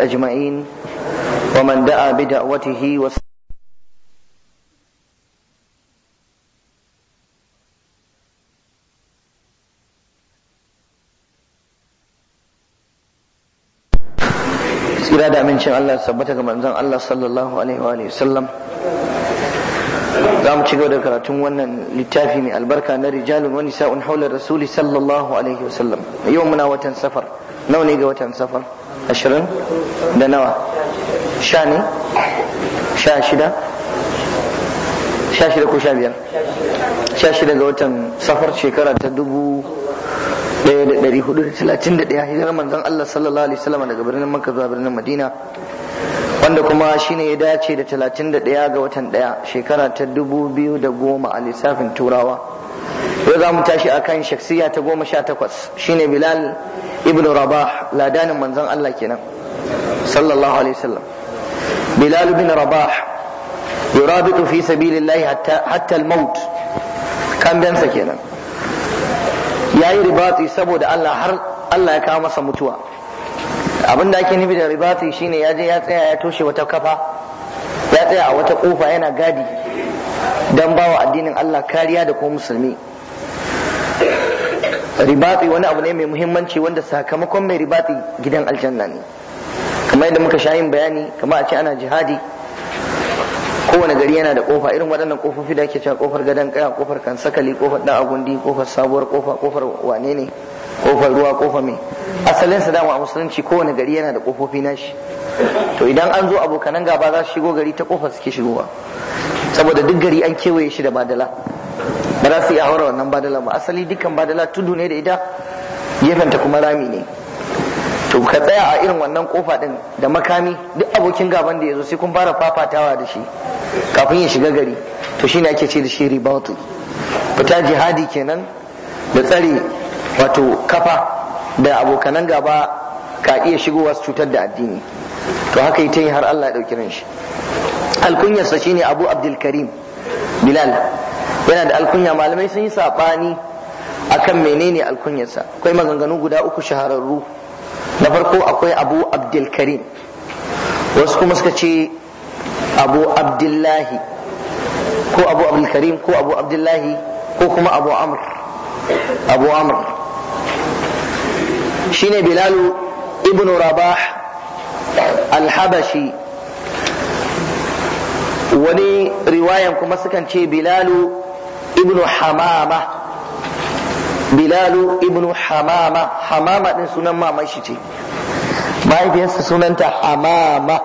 أجمعين ومن دعا بدعوته وس... Kira da amincin Allah sabbata ga manzon Allah sallallahu alaihi wa sallam za mu ci gaba da karatun wannan littafi mai albarka na rijalun wani sa'un haular rasuli sallallahu alaihi sallam. yau muna watan safar nawa ne ga watan safar ashirin da nawa sha ne sha shida sha shida ko sha biyar sha shida ga watan safar shekara ta dubu ɗaya da ɗari hudu da talatin da ɗaya hijirar manzon Allah sallallahu alaihi wasallam daga birnin Makka zuwa birnin Madina wanda kuma shine ya dace da talatin da ɗaya ga watan ɗaya shekara ta dubu biyu da goma a lissafin turawa yau za mu tashi a kan shaksiya ta goma sha takwas shine bilal ibn rabah ladanin manzon Allah kenan sallallahu alaihi wasallam bilal ibn rabah yurabitu fi sabilillahi hatta hatta al-maut kambensa kenan yayi ribati saboda Allah har Allah ya kawo masa mutuwa abinda da ake nufi da ribati shine ya je ya tsaya ya toshe wata kafa ya tsaya a wata kofa yana gadi don wa addinin Allah kariya da kuma musulmi ribati wani abu ne mai muhimmanci wanda sakamakon mai ribati gidan aljanna ne kamar yadda muka sha yin bayani kamar a ce ana jihadi kowane gari yana da kofa irin waɗannan kofofi da ake cewa kofar gadon kaya kofar sakali, kofar dan agundi kofar sabuwar kofa kofar wane ne kofar ruwa kofa mai asalin sa dama a musulunci kowane gari yana da kofofi nashi to idan an zo abokanan gaba za su shigo gari ta kofa suke shigowa saboda duk gari an kewaye shi da badala ba za su iya haura wannan badala ba asali dukkan badala tudu ne da ita gefenta kuma rami ne to ka tsaya a irin wannan kofa din da makami duk abokin gaban da ya zo sai kun fara fafatawa da shi kafin ya shiga gari to shine ake ce da shi ribatu fita jihadi kenan da tsare wato kafa da abokanan gaba ka iya shigowa su cutar da addini to haka yi ta yi har Allah ya ɗauki ran shi alkunyarsa shine abu abdulkarim bilal yana da alkunya malamai sun yi saɓani akan menene alkunyarsa akwai maganganu guda uku shahararru na farko akwai abu abdulkarim wasu kuma suka ce abu abdullahi ko abu abdulkarim ko abu abdullahi ko kuma abu amr abu amr shine bilalu ibn rabah al-habashi wani riwayan kuma sukan ce bilalu ibnu hamama bilalu ibnu hamama hamama din sunan maman shi ce mahaifiyarsa sunanta hamama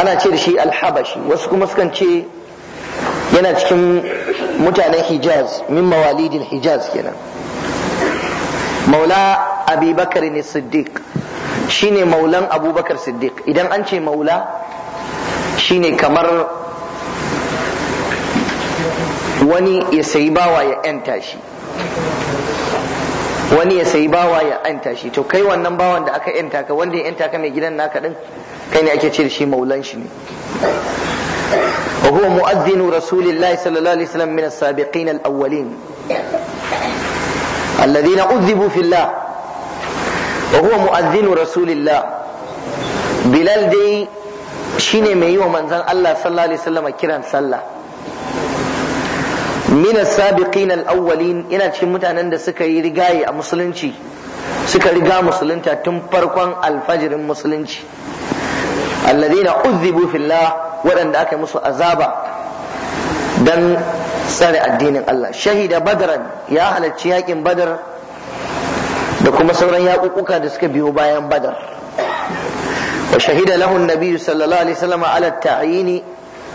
ana ce da shi alhabashi wasu kuma sukan ce yana cikin mutanen hijaz min mawalidin hijaz kenan maula abi bakar ne siddiq shine maulan abubakar siddiq idan an ce maula shine kamar wani ya sayi bawa ya yanta shi wani ya sayi bawa ya yanta shi to kai wannan bawan da aka yanta ka wanda ya yanta ka mai gidan naka din kai ne ake ce da shi maulan shi ne وهو مؤذن رسول الله صلى الله عليه وسلم من السابقين الأولين الذين أذبوا في الله wa huwa mu'adhdhinu rasulillah bilal dai shine mai yi wa manzon Allah sallallahu alaihi wasallam kiran sallah min as-sabiqin al-awwalin cikin mutanen da suka yi rigaye a musulunci suka riga musulunta tun farkon alfajirin musulunci alladhina uzzibu fillah waɗanda aka musu azaba don tsare addinin Allah shahida badran ya halarci yaƙin badar da kuma sauran yaƙuƙuka da suka biyo bayan badar wa shahida lahu nabi sallallahu alaihi wasallam ala ta'ini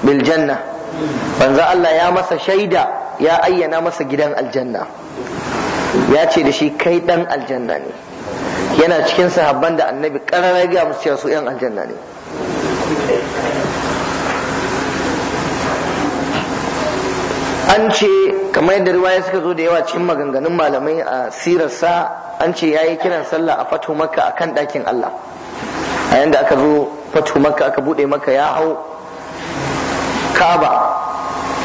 bil janna banza Allah ya masa shaida ya ayyana masa gidan aljanna ya ce da shi kai dan aljanna ne yana cikin sahabban da annabi ƙararra ga musu cewa su yan aljanna ne an ce kamar yadda riwaya suka zo da yawa cikin maganganun malamai a sirarsa an ce yayi kiran sallah a fatu makka akan ɗakin Allah a yanda aka zo fatu makka aka bude maka ya hau Ka'aba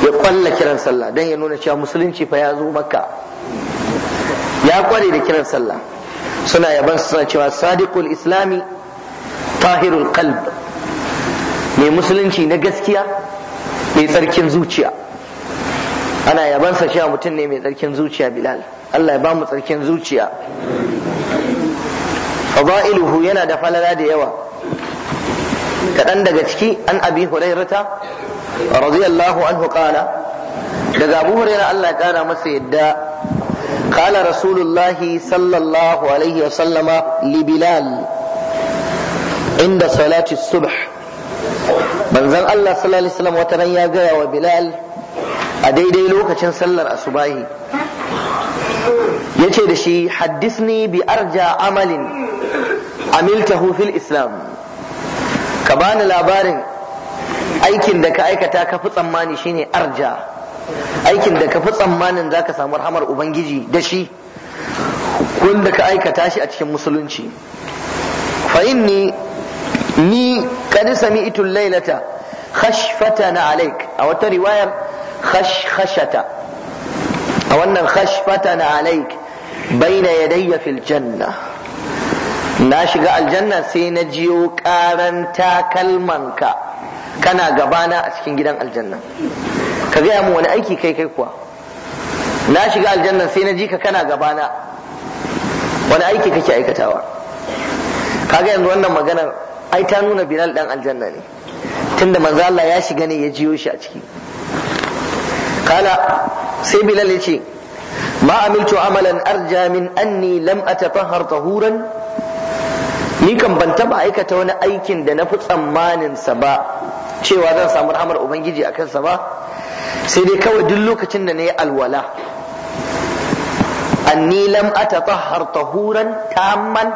ya kwalla kiran sallah don ya nuna cewa musulunci fa ya zo makka ya kware da kiran sallah suna yaban suna cewa sadiqul islami tahirul qalb mai musulunci na gaskiya mai tsarkin zuciya ana yabansa cewa mutum ne mai tsarkin zuciya bilal Allah ya ba mu tsarkin zuciya fadailuhu yana da falala da yawa kaɗan daga ciki an abi hurairata radiyallahu anhu qala daga abu hurairah Allah ya kara masa yadda qala rasulullahi sallallahu alaihi wa sallama li bilal inda salati subh manzon Allah sallallahu alaihi wa Sallam wata ran ya gaya wa bilal a daidai lokacin sallar asubahi yace da shi haddisni bi arja amalin amiltahu fil islam ka bani labarin aikin da ka aikata ka fi tsammani shine arja aikin da ka fi tsammanin za ka samu rahamar ubangiji da shi wanda ka aikata shi a cikin musulunci fainni ni, ni qad sami'tu laylata na alaik a wata riwayar khashkhashata a wannan na alaik baina yadayya fil janna na shiga aljanna sai na jiyo karan takalmanka kana gabana a cikin gidan aljanna ka gaya mu wani aiki kai kai kuwa na shiga aljanna sai na ji ka kana gabana wani aiki kake aikatawa kaga yanzu wannan maganar ai ta nuna bilal dan aljanna ne tunda manzo Allah ya shiga ne ya jiyo shi a ciki kala sai bilal ya ce ma amiltu amalan arja min anni lam ni kan ban taba aikata wani aikin da na fi tsammanin sa ba cewa zan samu rahamar ubangiji a kansa ba sai dai kawai duk lokacin da na yi alwala anni lam atatahhar tahuran tamman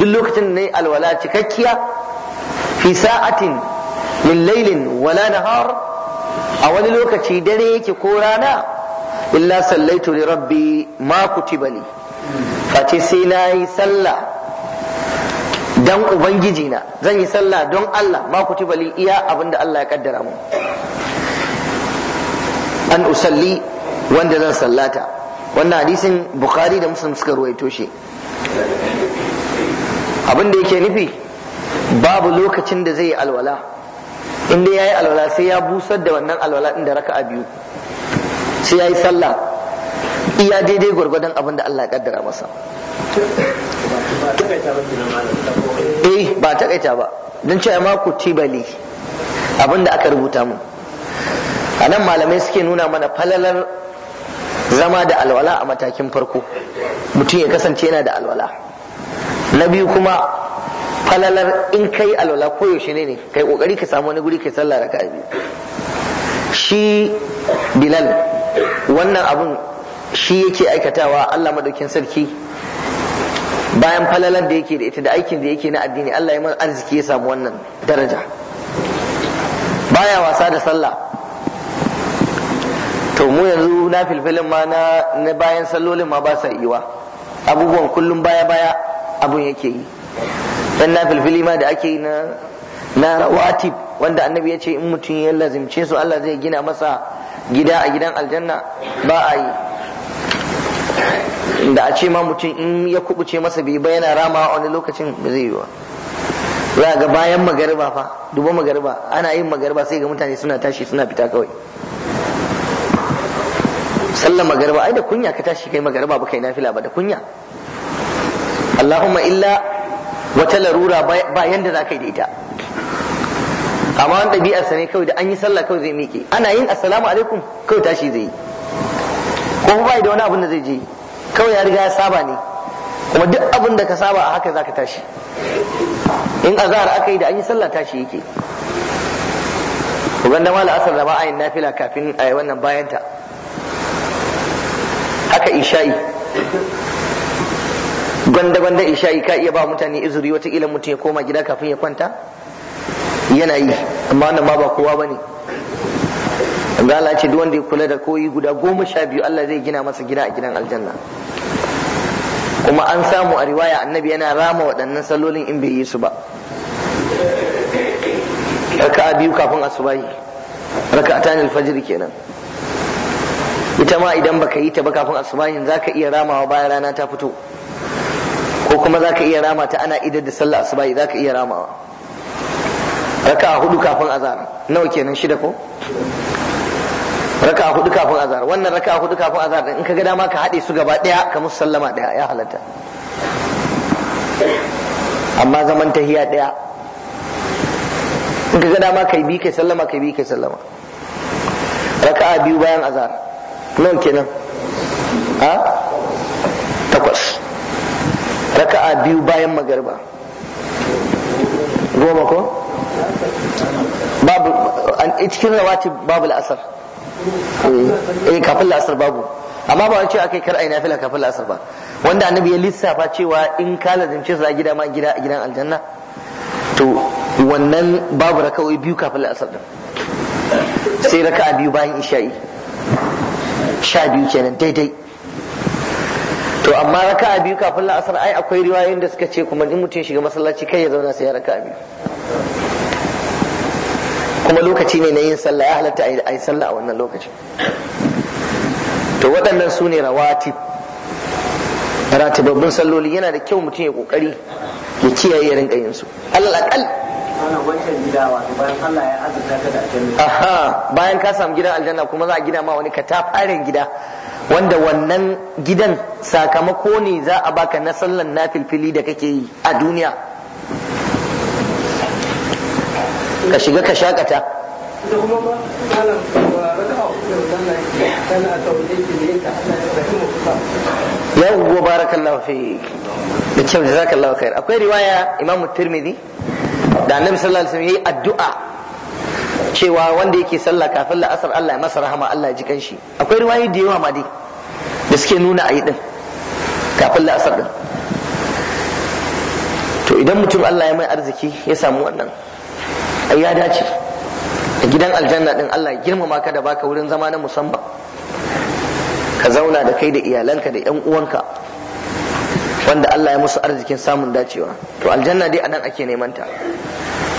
duk lokacin da na yi alwala cikakkiya fi sa'atin min lailin wala nahar a wani lokaci dare yake ko rana illa sallaitu li rabbi ma kutibali Fati sai na yi sallah dan ubangiji na zan yi sallah don Allah ma kutibali iya abinda Allah ya kaddara mu an usalli wanda zan sallata wannan hadisin bukhari da muslim suka ruwaito shi abinda yake nufi babu lokacin da zai yi alwala in dai yi alwala sai ya busar da wannan alwala din da raka a biyu sai yayi sallah iya daidai gwargwadon abin da Allah ya kaddara masa eh ba takaita ba don cewa ma ku tibali abin da aka rubuta mu a nan malamai suke nuna mana falalar zama da alwala a matakin farko mutum ya kasance yana da alwala na biyu kuma falalar in kai alwala koyaushe ne ne kai kokari ka samu wani guri kai sallah raka biyu shi bilal wannan abun shi yake aikatawa Allah madaukin sarki bayan falalar da yake da ita da aikin da yake na addini Allah ya mana arziki ya samu wannan daraja baya wasa da sallah to mu yanzu na filfilin ma na bayan sallolin ma ba sa iwa abubuwan kullum baya baya abun yake yi dan na filfili ma da ake na na rawatib wanda annabi ya ce in mutum ya lazimce su Allah zai gina masa gida a gidan aljanna ba a yi da a ce ma mutum in ya kubuce masa bai ba yana rama a wani lokacin ba zai yi ba za ga bayan magariba fa duba magariba ana yin magariba sai ga mutane suna tashi suna fita kawai sallar magariba ai da kunya ka tashi kai magariba ba kai nafila ba da kunya Allahumma illa wata larura ba yanda za ka yi da ita amma wani ɗabi'ar sa ne kawai da an yi sallah kawai zai miƙe ana yin assalamu alaikum kawai tashi zai yi ko ba da wani abin da zai je kawai ya riga ya saba ne kuma duk abin da ka saba a haka za ka tashi in azhar aka yi da an yi sallah tashi yake ku ganda mala asar da ba a yin nafila kafin a yi wannan bayanta haka isha'i gwanda da isha'i ka iya ba mutane izuri wataƙila mutum ya koma gida kafin ya kwanta yana yi amma wannan ma ba kowa ba ne ce duk wanda ya kula da koyi guda goma sha biyu Allah zai gina masa gida a gidan aljanna kuma an samu a riwaya annabi yana rama waɗannan salolin in bai yi su ba raka'a biyu kafin asubahi raka'atan alfajr kenan ita ma idan baka yi ta ba kafin asubahin zaka iya ramawa bayan rana ta fito ko kuma zaka iya rama ta ana idar da sallah asubahi zaka iya ramawa raka'a hudu kafin azhar nawa kenan shida ko raka'a hudu kafin azhar wannan raka'a hudu kafin azhar in ka ga dama ka hade su gaba daya ka musu sallama daya ya halatta amma zaman tahiya daya in ka ga dama kai bi kai sallama kai bi kai sallama raka'a biyu bayan azhar nawa kenan ha raka'a biyu bayan magarba goma ko babu an eh, cikin rawatib babu la'asar eh, eh kafin la'asar babu amma ba wani ce akai kar ai nafila kafin la'asar ba wanda annabi ya lissafa cewa in ka lazimce za a gida ma gida a gidan aljanna to wannan babu raka'o'i biyu kafin la'asar din sai raka'a biyu bayan isha'i sha biyu kenan daidai to amma raka'a biyu kafin la'asar ai akwai riwayoyin da suka ce kuma in mutum shiga masallaci kai ya zauna sai ya raka'a biyu kuma lokaci ne na yin sallah ya halatta a yi sallah a wannan lokacin to waɗannan su ne rawatib ratibabbin salloli yana da kyau mutum ya kokari ya kiyaye ya rinka yin su alal akal bayan ka samu gidan aljanna kuma za a gida ma wani katafaren gida wanda wannan gidan sakamako ne za a baka na sallan nafilfili da kake yi a duniya ka shiga ka shakata yawwa barakallahu fi da kyau jazakallahu khair akwai riwaya imamu tirmidhi da annabi sallallahu alaihi wasallam yayi addu'a cewa wanda yake sallah kafin la'asar Allah ya masa rahama Allah ya ji kanshi akwai ruwayi da yawa ma dai da suke nuna a yi din kafin la'asar din to idan mutum Allah ya mai arziki ya samu wannan ai ya dace a gidan aljanna din Allah ya girmama ka da baka wurin zama na musamman ka zauna da kai da iyalanka da yan uwanka wanda Allah ya musu arzikin samun dacewa to aljanna dai anan ake neman ta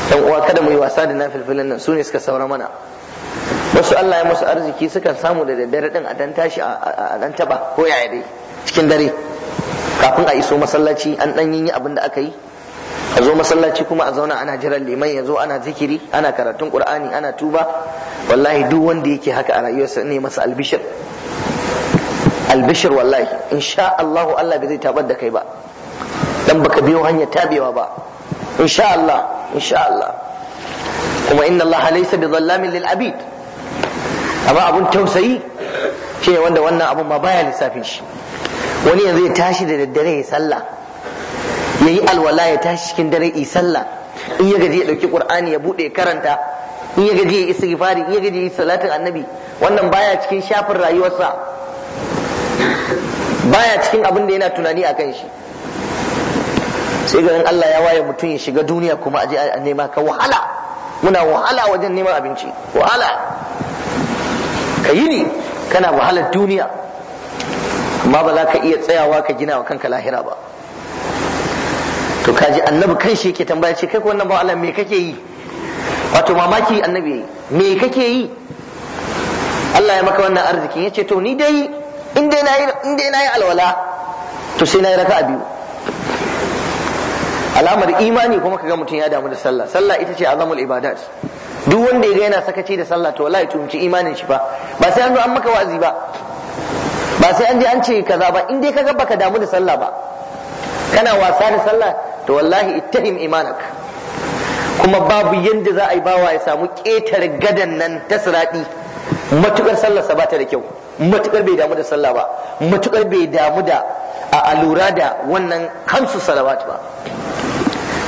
Dan uwa kada mu yi wasa da nafilfilin nan su ne suka saura mana wasu Allah ya musu arziki sukan samu da daddare din a dan tashi a dan taba ko yaya dai cikin dare kafin a iso masallaci an dan yi abin da aka yi a zo masallaci kuma a zauna ana jiran liman ya zo ana zikiri ana karatun qur'ani ana tuba wallahi duk wanda yake haka a rayuwarsa ne masa albishir albishir wallahi insha Allah Allah bai zai tabar da kai ba dan baka biyo hanyar tabewa ba insha Allah insha Allah kuma inna Allah laysa bi zallamin lil abid amma abun tausayi shi ne wanda wannan abun ma baya lissafin shi wani yanzu ya tashi da daddare ya sallah ya yi alwala ya tashi cikin dare ya sallah in ya gaji ya dauki qur'ani ya bude ya karanta in ya gaji ya istighfari in ya gaji ya salatin annabi wannan baya cikin shafin rayuwarsa baya cikin abin da yana tunani a kan shi sai ganin Allah ya waye mutum ya shiga duniya kuma aje a nema ka wahala muna wahala wajen neman abinci wahala ka yi ne kana wahalar duniya amma ba za ka iya tsayawa ka gina wa kanka lahira ba to kaji annabi kan shi yake tambaya ce kai wannan ba Allah me kake yi wato mamaki annabi me kake yi Allah ya maka wannan arzikin ya ce to ni dai in dai na yi alwala to sai na yi raka'a biyu alamar imani kuma kaga mutum ya damu da sallah sallah ita ce azamul ibadat duk wanda ya ga yana sakaci da sallah to wallahi tumci imanin shi fa ba sai an zo an maka wa'azi ba ba sai an je an ce kaza ba in dai kaga baka damu da sallah ba kana wasa da sallah to wallahi ittahim imanak kuma babu yanda za a yi bawa ya samu ketar gadan nan ta siraɗi matukar sallarsa ba ta da kyau matukar bai damu da sallah ba matukar bai damu da a alura da wannan kansu salawat ba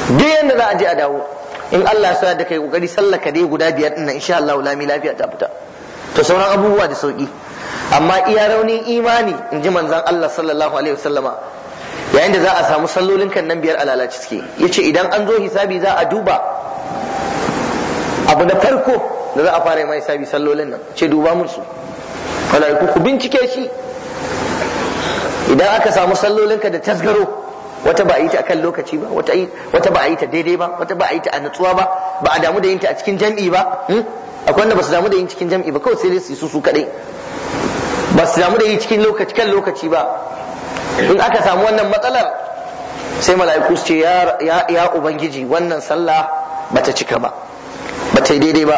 duk yadda za a je a dawo in Allah sa da kai kokari sallaka dai guda biyar din nan insha Allah lami lafiya ta fita to sauran abubuwa da sauki amma iya raunin imani in ji manzon Allah sallallahu alaihi wasallama yayin da za a samu sallolin kan nan biyar a lalace suke yace idan an zo hisabi za a duba abu na farko da za a fara mai hisabi sallolin nan ce duba musu malaiku ku bincike shi idan aka samu sallolin ka da tasgaro wata ba a yi ta akan lokaci ba wata ba a yi ta daidai ba wata ba a yi ta a natsuwa ba ba a damu da yin ta a cikin jam'i ba hmm? akwai wanda ba su damu da yin cikin jam'i ba kawai sai dai su su su kadai ba su damu da yi cikin lokaci kan lokaci ba in aka samu wannan matsalar sai mala'iku su ce ya ubangiji wannan sallah bata cika ba bata yi daidai ba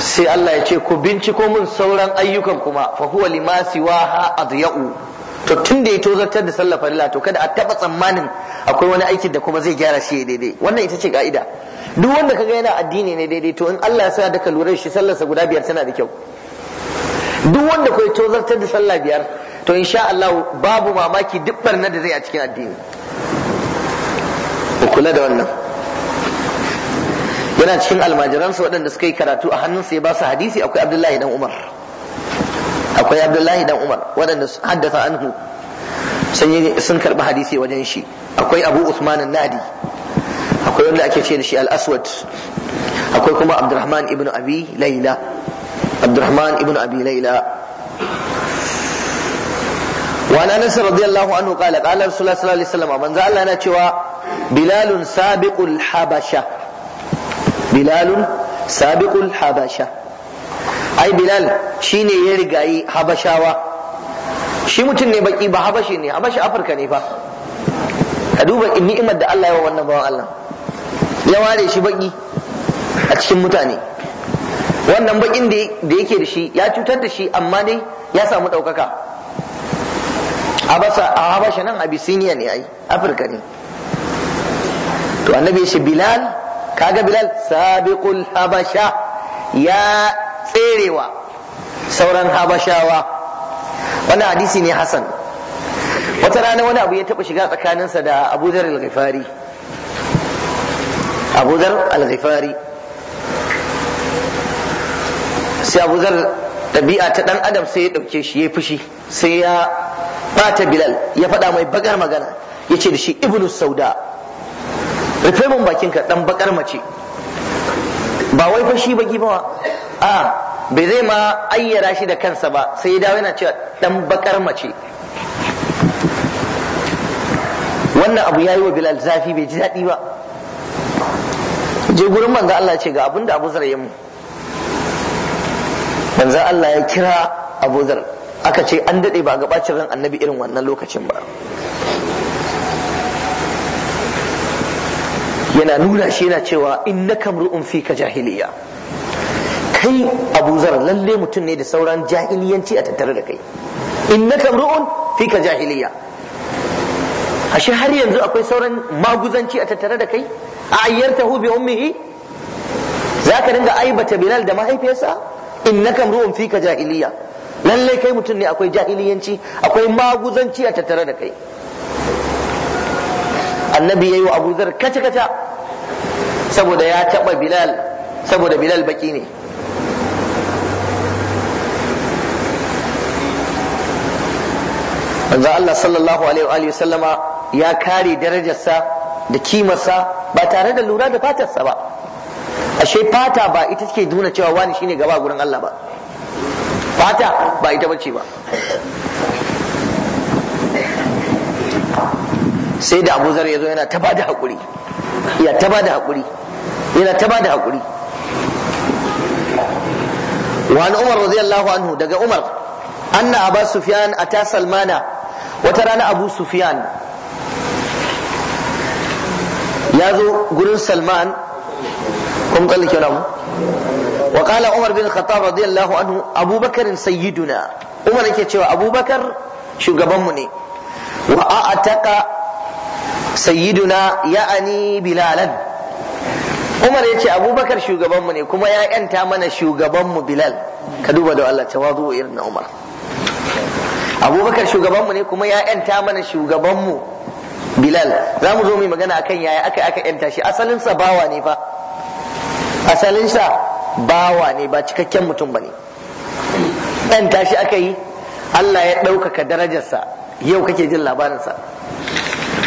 sai Allah ya ce ku binciko mun sauran ayyukan kuma fa huwa lima siwaha adya'u to tun da ya tozartar da sallah farilla to kada a taba tsammanin akwai wani aikin da kuma zai gyara shi daidai wannan ita ce ka'ida duk wanda kaga yana addini ne daidai to in Allah ya sa da ka lura shi sallarsa guda biyar tana da kyau duk wanda kai tozartar da sallah biyar to insha Allah babu mamaki duk barna da zai a cikin addini ku kula da wannan yana cikin almajiran su waɗanda suka yi karatu a hannun ya ba su hadisi akwai Abdullahi dan Umar akwai abdullahi dan umar waɗanda su haddasa anhu sun karɓi hadisi wajen shi akwai abu usman nadi akwai wanda ake ce da shi al-aswad akwai kuma abdurrahman ibn abi laila abdurrahman ibn abi laila وعن انس رضي الله عنه قال قال رسول الله صلى الله عليه وسلم من زال لنا cewa بلال سابق الحبشه بلال سابق الحبشه ai bilal shine ya rigayi habashawa shi mutum ne baki ba habashi ne habashi afirka ne fa ka duba ni'imar da Allah ya wa wannan bawan Allah ya ware shi baki a cikin mutane wannan bakin da yake da shi ya cutar da shi amma dai ya samu ɗaukaka a habasha nan abisiniya ne ai afirka ne to annabi shi bilal kaga bilal sabiqul habasha ya tserewa sauran habashawa wani hadisi ne hasan wata rana wani abu ya taɓa shiga tsakaninsa da abudar al-ghifari abu al-ghifari sai abudar ɗabi'a ta ɗan adam sai ya ɗauke shi ya fushi sai ya ɓata bilal ya faɗa mai bakar magana ya ce da shi ibnu sauda rufe mun bakinka ɗan bakar mace ba wai fashi ba gibawa a bai zai ma ayyara shi da kansa ba sai ya dawo yana cewa dan bakar mace wannan abu yayi wa Bilal zafi bai ji daɗi ba je gurin manzo Allah ce ga abinda Abu Zar ya mu manzo Allah ya kira Abu Zar aka ce an dade ba ga bacin ran annabi irin wannan lokacin ba yana nuna shi yana cewa innaka fi fika jahiliya kai abu zar lalle mutum ne da sauran jahiliyanci a tattare da kai innaka ru'un fika jahiliya ashe har yanzu akwai sauran maguzanci a tattare da kai a ayyartahu bi ummihi zaka dinga aibata bilal da mahaifiyarsa innaka ru'un fika jahiliya lalle kai mutum ne akwai jahiliyanci akwai maguzanci a tattare da kai annabi yayi wa abu zar kata kata saboda ya taba bilal saboda bilal baki ne manzo Allah sallallahu alaihi wa sallama ya kare darajarsa da kimarsa ba tare da lura da fatarsa ba ashe fata ba ita take nuna cewa wani shine gaba gurin Allah ba fata ba ita bace ba sai da Abu Zar ya zo yana ta bada hakuri ya ta bada hakuri yana ta bada hakuri wa an Umar radiyallahu anhu daga Umar anna Abu Sufyan ata Salmana wata rana abu sufyan ya zo gurin salman kun kalli kira mu wa qala umar bin khattab radiyallahu anhu abubakar sayyiduna umar yake cewa abubakar shugaban mu ne wa a'taqa sayyiduna ya'ani bilalan umar ya ce abubakar shugaban mu ne kuma ya yanta mana shugaban mu bilal ka duba da Allah tawazu irin na umar abubakar mu ne kuma ya yanta mana mu. bilal za mu zo mu magana akan yaya aka aka yanta shi asalinsa bawa ne fa asalinsa bawa ne ba cikakken mutum ba ne yanta aka yi allah ya ɗaukaka darajarsa yau kake jin labarinsa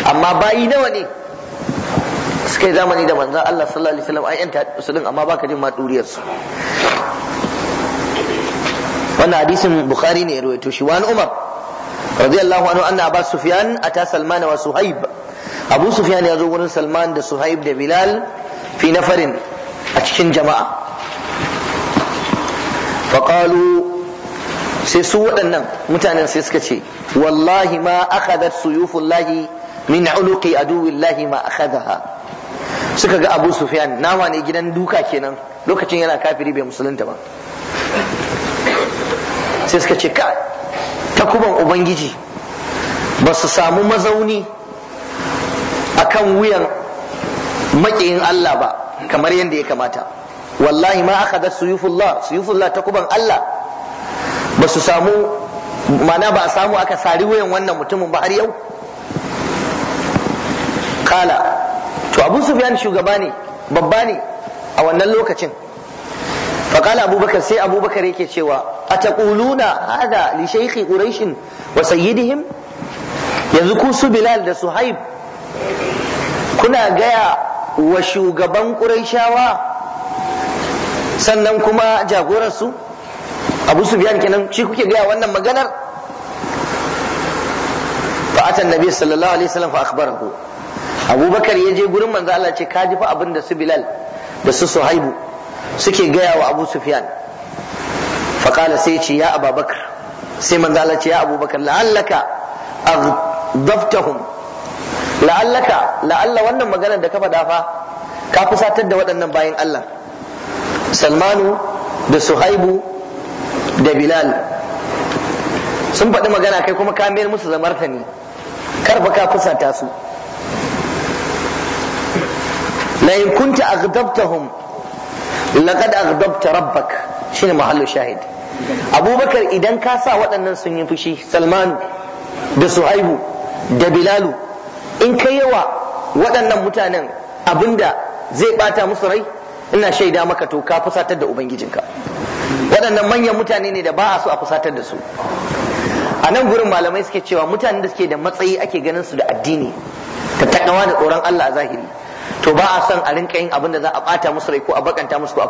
amma bayi nawa ne suka yi zamani da manzan allah sallallahu alaihi wasallam an yanta su amma baka jin ma ɗuriyarsu wannan hadisin bukhari ne ya rawaito shi wani umar radiyallahu anhu anna abu sufyan ata salman wa suhaib abu sufyan ya zo wurin salman da suhaib da bilal fi nafarin a cikin jama'a faqalu sai su waɗannan mutanen sai suka ce wallahi ma akhadat suyufullahi min uluqi aduwillahi ma akhadaha suka ga abu sufyan nama ne gidan duka kenan lokacin yana kafiri bai musulunta ba sai suka ce ka takuban ubangiji ba su samu mazauni akan wuyan maƙiyin Allah ba kamar yadda ya kamata wallahi ma aka da suyufullah suyufullah takuban Allah ba su samu mana ba a samu aka sari wuyan wannan mutumin ba har yau kala to abu sufyan shugaba ne babba ne a wannan lokacin faƙala abubakar sai abubakar yake cewa a taƙuluna hada li shaikhi ƙuraishin wa sayyidihim yanzu ku bilal da suhaib kuna gaya wa shugaban ƙuraishawa sannan kuma jagorarsu abu su biyan kenan shi kuke gaya wannan maganar fa'atan nabi sallallahu alaihi wasallam fa akhbarahu abubakar ya je gurin manzo ce ka ji fa abin da su bilal da su suhaibu suke gaya wa abu sufyan faƙala sai ce ya ababakar sai manzala ce ya abubakar la'allaka aghdabtahum la'allaka la'alla wannan maganar da ka faɗa fa ka fusatar da waɗannan bayan Allah salmanu da suhaibu da bilal sun faɗi magana kai kuma ka mayar musu zamarta ne karfa ka fusata su la'in kunta aghdabtahum laqad aghdabta rabbak shine mahallu shahid abubakar idan ka sa waɗannan sun yi fushi Salman da suhaibu da bilalu in ka yawa waɗannan mutanen abinda zai bata musu rai ina shaida maka to ka fusatar da ubangijinka waɗannan manyan mutane ne da ba a so a fusatar da su a nan gurin malamai suke cewa mutanen da suke da matsayi ake ganin su da addini ta takawa da tsoron Allah a zahiri to ba a son a rinka yin abin da za a bata musu rai ko a bakanta musu ko a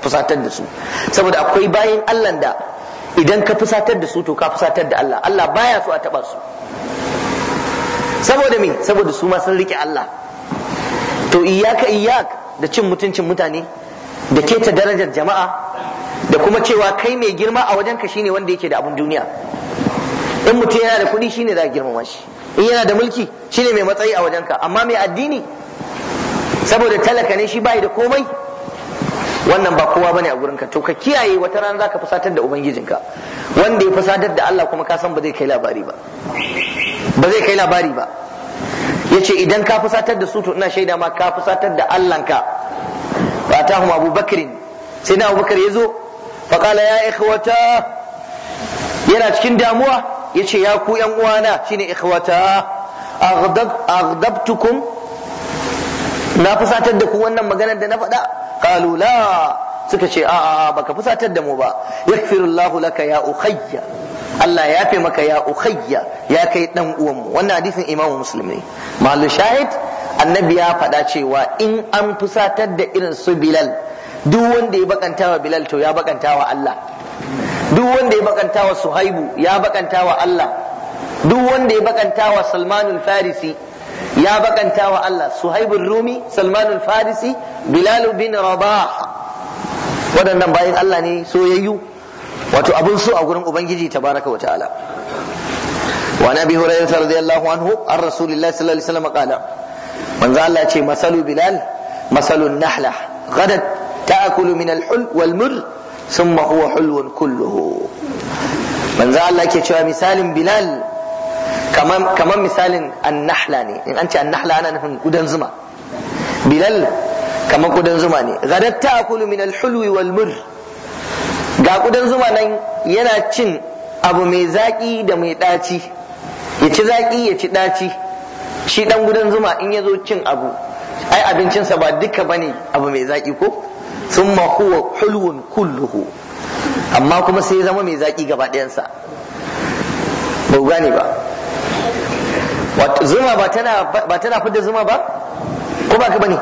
fusatar da su saboda akwai bayan Allah da idan ka fusatar da su to ka fusatar da Allah Allah baya so a taba su saboda me saboda su ma sun rike Allah to iyaka iyak da cin mutuncin mutane da keta darajar jama'a da kuma cewa kai mai girma a wajen ka shine wanda yake da abun duniya in mutum yana da kuɗi shine za a girmama shi in yana da mulki shine mai matsayi a wajenka amma mai addini saboda talaka ne shi bai da komai wannan ba kowa bane a ka to ka kiyaye wata rana zaka fusatar da ubangijinka wanda ya fusatar da Allah kuma ka san ba zai kai labari ba ba zai kai labari ba yace idan ka fusatar da su to ina shaida ma ka fusatar da Allahnka fa tahum Abu Bakr sai na Abu Bakr yazo fa qala ya ikhwata yana cikin damuwa yace ya ku yan uwana shine ikhwata aghdab aghdabtukum na fusatar da ku wannan maganar da na faɗa qalu la suka ce a'a baka fusatar da mu ba yakfirullahu laka ya ukhayya Allah ya fi maka ya ukhayya ya kai dan uwan mu wannan hadisin Imam Muslim ne malu shahid annabi ya faɗa cewa in an fusatar da irin su Bilal duk wanda ya bakanta wa Bilal to ya bakanta wa Allah duk wanda ya bakanta wa Suhaibu ya bakanta wa Allah duk wanda ya bakanta wa Salmanul Farisi ya baƙanta wa Allah suhaibul rumi salmanul farisi bilal bin rabah waɗannan bayan Allah ne soyayyu wato abun so a gurin ubangiji tabaraka wa ta'ala وعن ابي هريره رضي الله عنه عن رسول الله صلى الله عليه وسلم قال من قال الله مثل بلال مثل النحله غدت تاكل من الحل والمر ثم هو حلو كله من قال الله كي مثال بلال kamar misalin annahla ne in an ce annahla ana nufin gudan zuma bilal kamar gudan zuma ne gadat ta'kulu min alhulwi hulwi wal ga gudan zuma nan yana cin abu mai zaƙi da mai ɗaci, ya ci zaki ya ci daci shi dan gudan zuma in ya zo cin abu ai abincinsa ba duka bane abu mai zaki ko thumma huwa hulwun kulluhu amma kuma sai ya zama mai zaƙi gaba ɗayansa ba gane ba zuma ba tana ba tana fidda zuma ba ko ba ka bane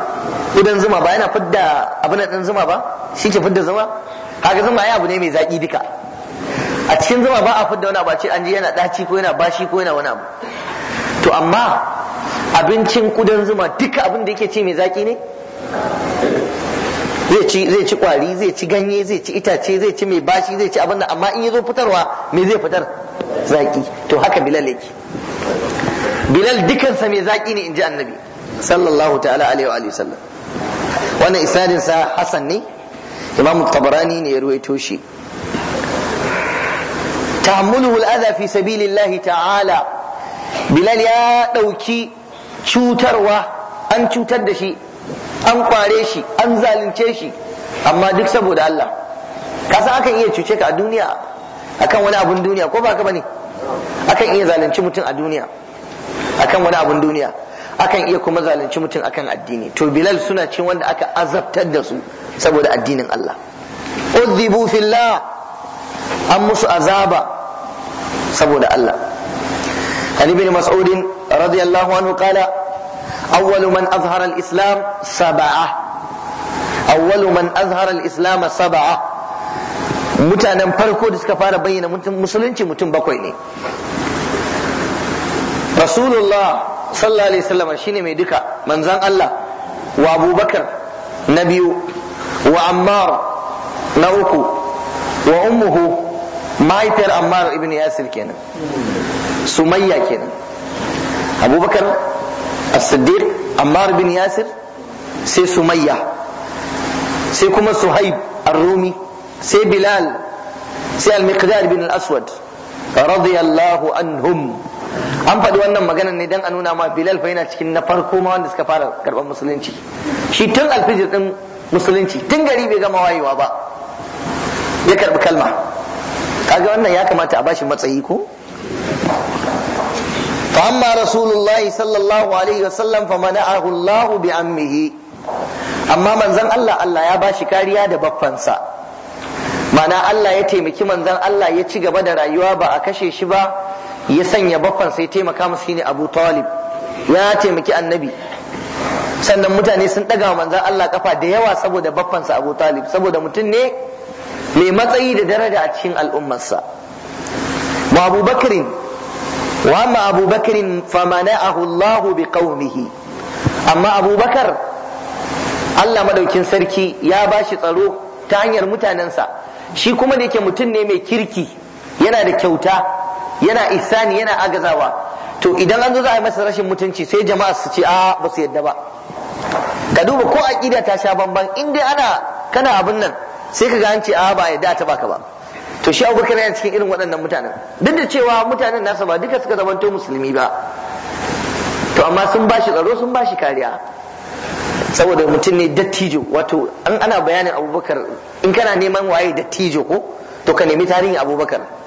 idan zuma ba yana fidda abin da dan zuma ba shi ke fidda zuma kaga zuma ya abu ne mai zaki duka a cikin zuma ba a fidda wani abu a ce an ji yana daci ko yana bashi ko yana wani abu to amma abincin kudan zuma duka abin da yake ce mai zaki ne zai ci zai ci kwari zai ci ganye zai ci itace zai ci mai bashi zai ci abin da amma in ya zo fitarwa me zai fitar zaki to haka bilal yake bilal dukansa mai zaki ne in ji annabi sallallahu ta'ala alaihi wa sallam wannan isnadin sa hasan ne imam tabarani ne ya ruwaito shi tahammuluhu al'adha fi sabilillahi ta'ala bilal ya dauki cutarwa an cutar da shi an kware shi an zalunce shi amma duk saboda Allah san akan iya cuce ka a duniya akan wani abun duniya ko ba ka bane akan iya zalunci mutum a duniya akan wani abun duniya akan iya kuma zalunci mutum akan addini to bilal suna cin wanda aka azabtar da su saboda addinin Allah udhibu fillah an musu azaba saboda Allah عن ابن مسعود رضي الله عنه قال أول من أظهر mutanen farko da suka fara bayyana musulunci mutum bakwai ne rasulullah sallallahu alaihi wasallam shine mai duka manzon Allah wa abubakar na biyu wa ammar na uku wa ummuhu mahaifiyar ammar ibn yasir kenan sumayya kenan abubakar as-siddiq ammar ibn yasir sai sumayya sai kuma suhaib ar-rumi sai bilal sai al-miqdad bin al-aswad radiyallahu anhum an faɗi wannan maganar ne don a nuna ma bilal fa yana cikin na farko ma wanda suka fara karɓar musulunci shi tun alfijir ɗin musulunci tun gari bai gama wayewa ba ya karɓi kalma kaga wannan ya kamata a bashi matsayi ko فأما رسول الله صلى الله عليه وسلم فمنعه الله بأمه أما من زن الله الله يا باشي كاريا da baffansa. mana Allah ya taimaki manzon Allah ya ci gaba da rayuwa ba a kashe shi ba ya sanya baffan sai taimaka masa shine Abu Talib ya taimaki annabi sannan mutane sun ɗaga wa Allah kafa da yawa saboda baffansa Abu Talib saboda mutum ne mai matsayi da daraja a cikin al'ummarsa wa Abu Bakrin wa amma Abu Bakrin famana'ahu Allah bi qaumihi amma Abu Bakar Allah madaukin sarki ya ba shi tsaro ta hanyar mutanensa shi kuma da yake mutum ne mai kirki yana da kyauta yana isani yana agazawa to idan an zo za a yi masa rashin mutunci sai jama'a su ce a ba su yadda ba ka duba ko aqida ta sha bamban in dai ana kana abin nan sai ka ga an ce a ba yadda ta baka ba to shi abubakar yana cikin irin waɗannan mutanen duk da cewa mutanen nasa ba duka suka zamanto musulmi ba to amma sun bashi tsaro sun bashi kariya saboda mutum ne dattijo wato an ana bayanin abubakar in kana neman waye dattijo ko to ka nemi tarihin abubakar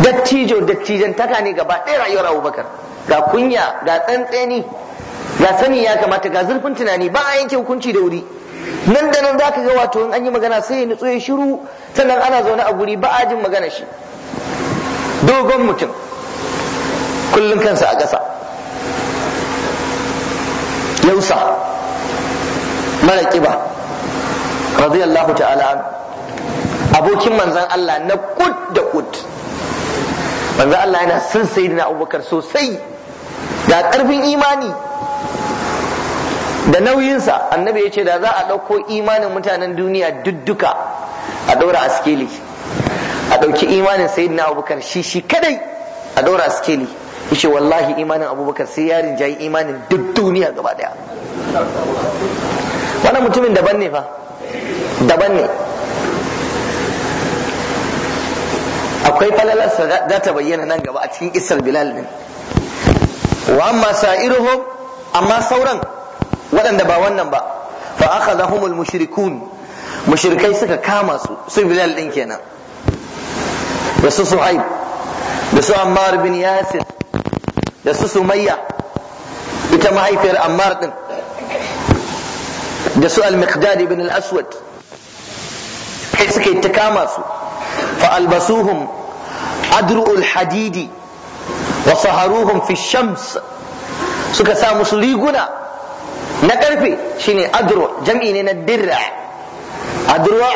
dattijo dattijan taka ne gaba ɗaya rayuwar abubakar ga kunya ga tsantseni ga sani ya kamata ga zurfin tunani ba a yanke hukunci da wuri nan da nan zaka ga wato in an yi magana sai ya nutso ya shiru sannan ana zaune a guri ba a jin magana shi dogon mutum kullum kansa a ƙasa yausa mara ƙiba radiyallahu ta'ala abokin manzan Allah na kud da kud manzo Allah yana son sayyidina Abubakar sosai da karfin imani da nauyinsa annabi ya ce da za a ɗauko imanin mutanen duniya dudduka a ɗaura askeli a ɗauki imanin sayyidina Abubakar shi shi kadai a ɗaura askeli yace wallahi imanin abubakar sai ya rinjayi imanin duk duniya gaba daya wannan mutumin daban ne fa daban ne akwai falalarsa za ta bayyana nan gaba a cikin isar bilal din wa amma sa'iruhum amma sauran waɗanda ba wannan ba fa akhadhahumul mushrikun mushrikai suka kama su su bilal din kenan da su suhaib da su ammar bin yasir da su sumayya ita mahaifiyar ammar din da su al-miqdad ibn al-aswad kai suka yi ta kama su فألبسوهم أدرء الحديد وصهروهم في الشمس suka sa musu riguna na karfe shine adro jam'i ne na dirra adruwa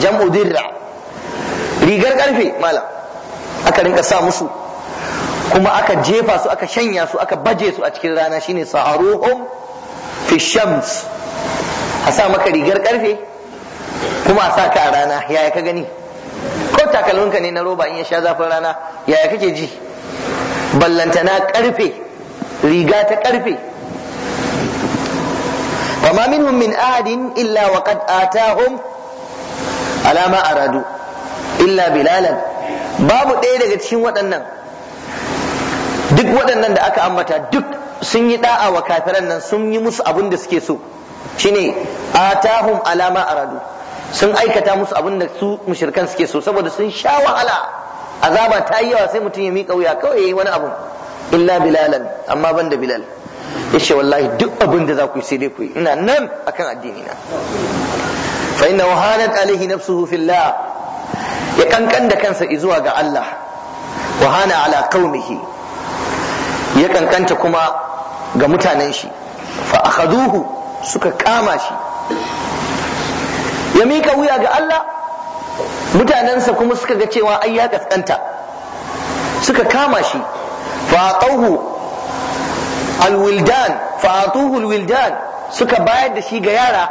jam'u dirra rigar karfe malam aka rinka sa musu kuma aka jefa su aka shanya su aka baje su a cikin rana shine saharuhum fi shams a sa maka rigar ƙarfe kuma a sa a rana yaya ka gani ko takalminka ne na roba in ya sha zafin rana yaya kake ji ballantana karfe riga ta karfe fama minhum min ahadin illa wa qad atahum ala ma aradu illa bilalan babu ɗaya daga cikin waɗannan duk waɗannan da aka ambata duk sun yi da'a wa kafiran nan sun yi musu abin da suke so shine atahum ala ma aradu sun aikata musu abin da su mushirkan suke so saboda sun sha wahala azaba ta yi yawa sai mutum ya miƙa wuya kawai yayi wani abu illa bilalan amma ban da bilal yace wallahi duk abin da za ku yi sai dai ku yi ina nan akan addini na fa inna wahanat alaihi nafsuhu fillah ya kankan da kansa zuwa ga Allah wahana ala qaumihi ya kankanta kuma ga mutanen shi fa akhaduhu suka kama shi ya mika wuya ga Allah mutanensa kuma suka ga cewa ai ya kaskanta suka kama shi fa'atuhu alwildan fa'atuhu alwildan suka bayar da shi ga yara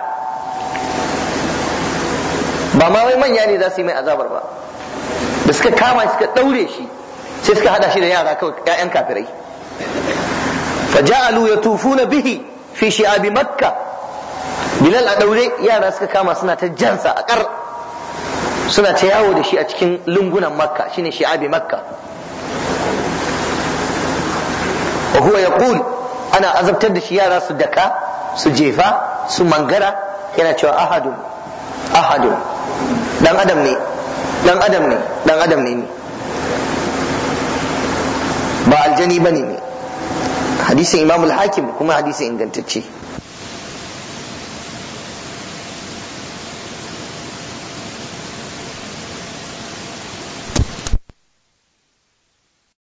ba ma wai manya ne za su yi mai azabar ba da suka kama shi suka daure shi sai suka hada shi da yara kawai ƴaƴan kafirai faja'alu yatufuna bihi fi shi'abi makkah bilal a ɗaure yara suka kama suna ta jansa a kar suna ta yawo da shi a cikin lungunan makka shine shi'abi makka wa huwa yaqul ana azabtar da shi yara su daka su jefa su mangara yana cewa ahadu ahadu dan adam ne dan adam ne dan adam ne ba aljani bane ne hadisin imamul hakim kuma hadisin ingantacce